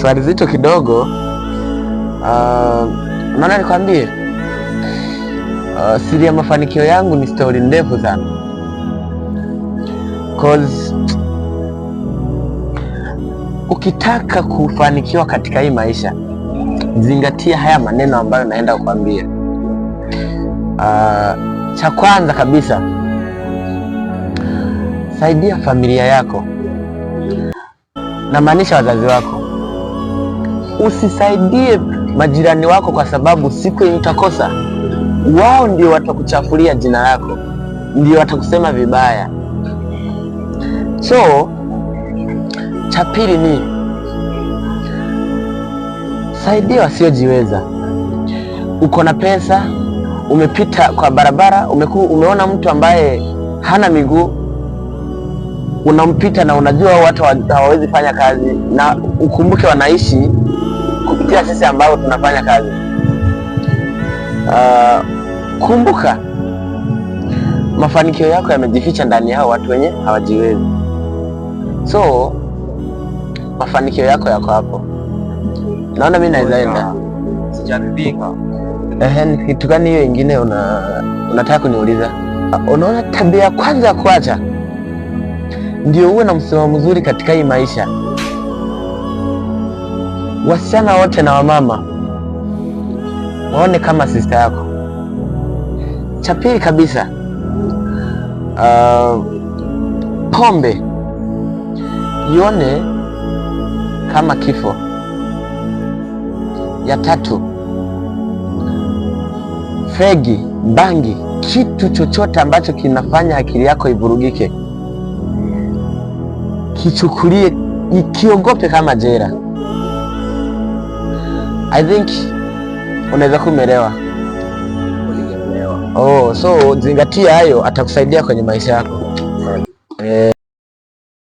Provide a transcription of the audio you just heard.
swali zito kidogo. Uh, ah, naona nikwambie, uh, siri ya mafanikio yangu ni stori ndefu sana cause ukitaka kufanikiwa katika hii maisha zingatia haya maneno ambayo naenda kukwambia. Uh, cha kwanza kabisa, saidia familia yako, namaanisha wazazi wako. Usisaidie majirani wako, kwa sababu siku yenye utakosa, wao ndio watakuchafulia jina lako, ndio watakusema vibaya. So cha pili ni saidia wasiojiweza. Uko na pesa, umepita kwa barabara, umeku, umeona mtu ambaye hana miguu unampita na unajua watu hawawezi fanya kazi, na ukumbuke wanaishi kupitia sisi ambao tunafanya kazi. Uh, kumbuka mafanikio yako yamejificha ndani ya watu wenye hawajiwezi. So mafanikio yako yako hapo. Naona mimi naweza enda. sijaribika Ehe, kitu gani hiyo ingine una unataka kuniuliza? Unaona tabia ya kwanza ya kuacha ndio uwe na msimamo mzuri katika hii maisha wasichana wote na wamama waone kama sista yako. Cha pili kabisa, uh, pombe ione kama kifo. Ya tatu, fegi, bangi, kitu chochote ambacho kinafanya akili yako ivurugike kichukulie, ikiogope kama jera. I think unaweza kumelewa. Oh, so zingatia hayo, atakusaidia kwenye maisha yako. Eh.